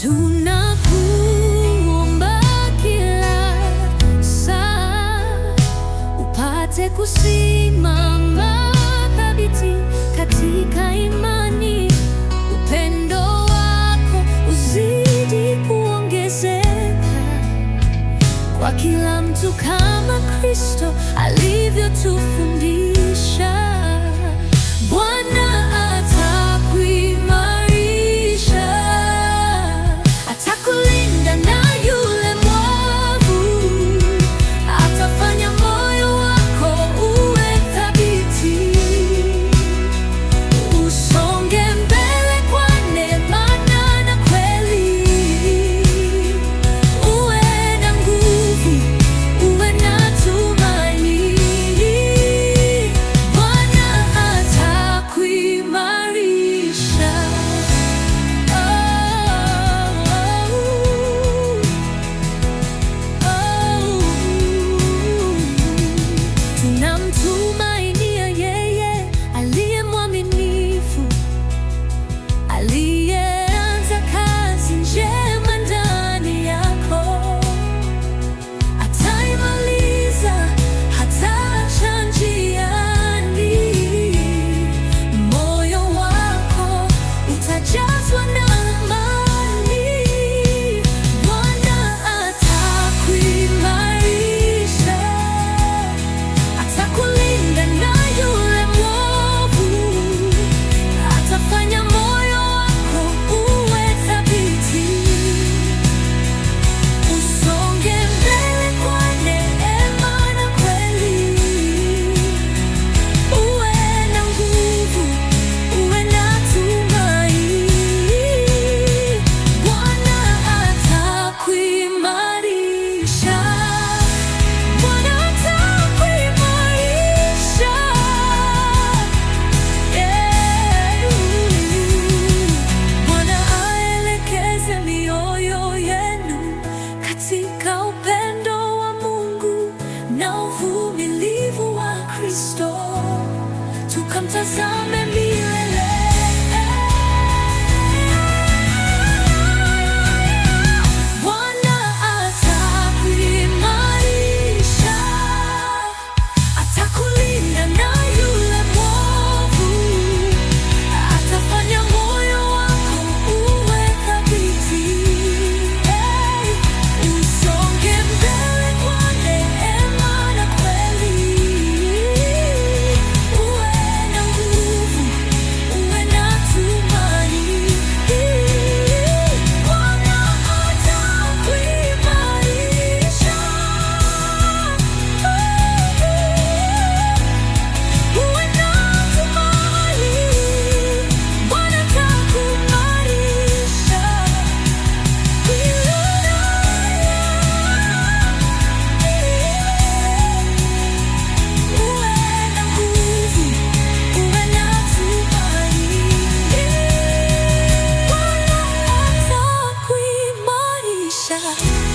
tunakuomba kila saa upate kusimama thabiti katika imani, upendo wako uzidi kuongezeka kwa kila mtu kama Kristo alivyo to some love.